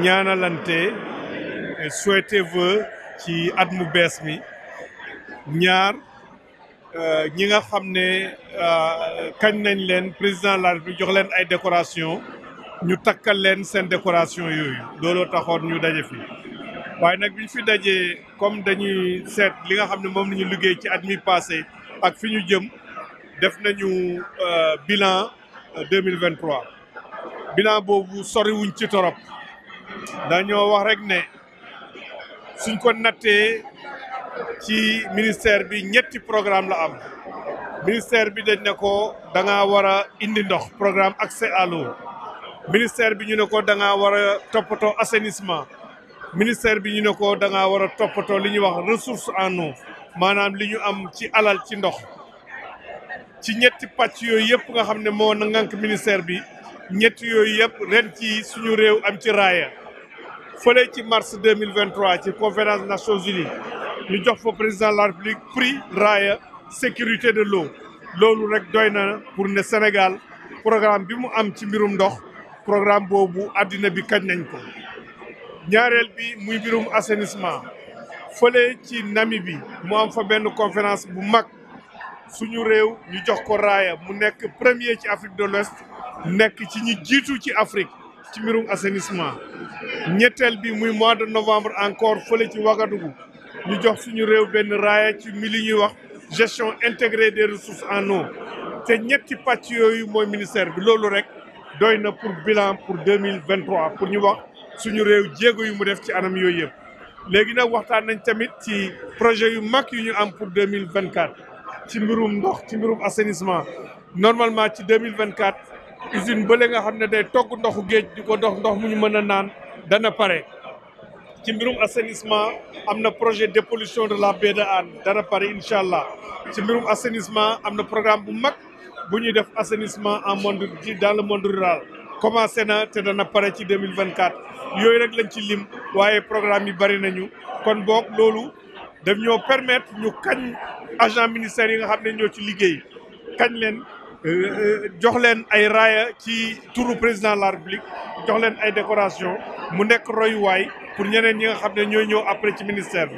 ñaanalante souhaité vœu ci at mu bees mi ñaar euh, ñi nga xam euh, kañ nañ len président de la République jox len ay décoration ñu takal len sen décoration yooyu looloo taxone ñu dajé fi waaye nak bi fi dajé comme dañuy seet li nga xamné mom lañu la ci at mi passé ak fiñu jëm def nañu euh, bilan 2023 bilan bobu sori wuñ ci torop dañoo wax rek ne suñ ko nattee ci ministère bi ñetti programme la am ministère bi dañ ne ko da ngaa war a indi ndox programme accès à l'eau bi ñu ne ko da ngaa war a toppatoo assainissement ministère bi ñu ne ko da ngaa war a toppatoo li ñuy wax ressource en eau maanaam li ñu am ci alal ci ndox ci ñetti pàcc yooyu yëpp nga xam ne moo na ngànk ministère bi ñett yooyu yëpp ren ci suñu réew am ci raaya fële ci mars ci conférence Nations Unies ñu jox fa président la République prix raaya sécurité de l'eau loolu rek doy na pour ne Sénégal programme bi mu am ci mbirum ndox programme boobu àddina bi kañ nañ ko ñaareel bi muy mbirum assainissement fële ci Namibie mu am fa benn conférence bu mag suñu réew ñu jox ko raaya mu nekk premier ci Afrique de l'Ouest nekk ci ñi jiitu ci Afrique ci mbirum assainissement ñetteel bi muy mois de novembre encore fole ci Ouagadougou ñu jox suñu réew benn raaya ci mi li ñuy wax gestion intégrée des ressources en eau te ñetti pàcc yooyu mooy ministère bi loolu rek doy na pour bilan pour deux mille pour ñu wax suñu réew jéego yu mu def ci anam yooyu yëpp. léegi nag waxtaan nañ tamit ci projet yu mag yu ñu am pour deux mille vingt quatre ci mbirum ndox ci mbirum assainissement normalement ci deux mille vingt quatre usine bële nga xam ne day togg ndoxu géej di ko dox ndox mu ñu mën a naan dana pare ci mbirum assainissement am na projet dépollution de la baie de dana pare incha allah ci mbirum assainissement am na programme bu mag bu ñuy def assainissement en monde ci dans le monde rural commencé na te dana pare ci 2024 yooyu rek lañ ci lim waaye programme yi bari nañu kon boog loolu daf ñoo permettre ñu kañ agent ministère yi nga xam ne ñoo ci liggéey kañ leen Euh, euh, jox leen ay raaya ci tour président la République jox leen ay décoration mu nekk royuwaay pour ñeneen ñi nga xam ne ñooy ñëw après ci ministère bi.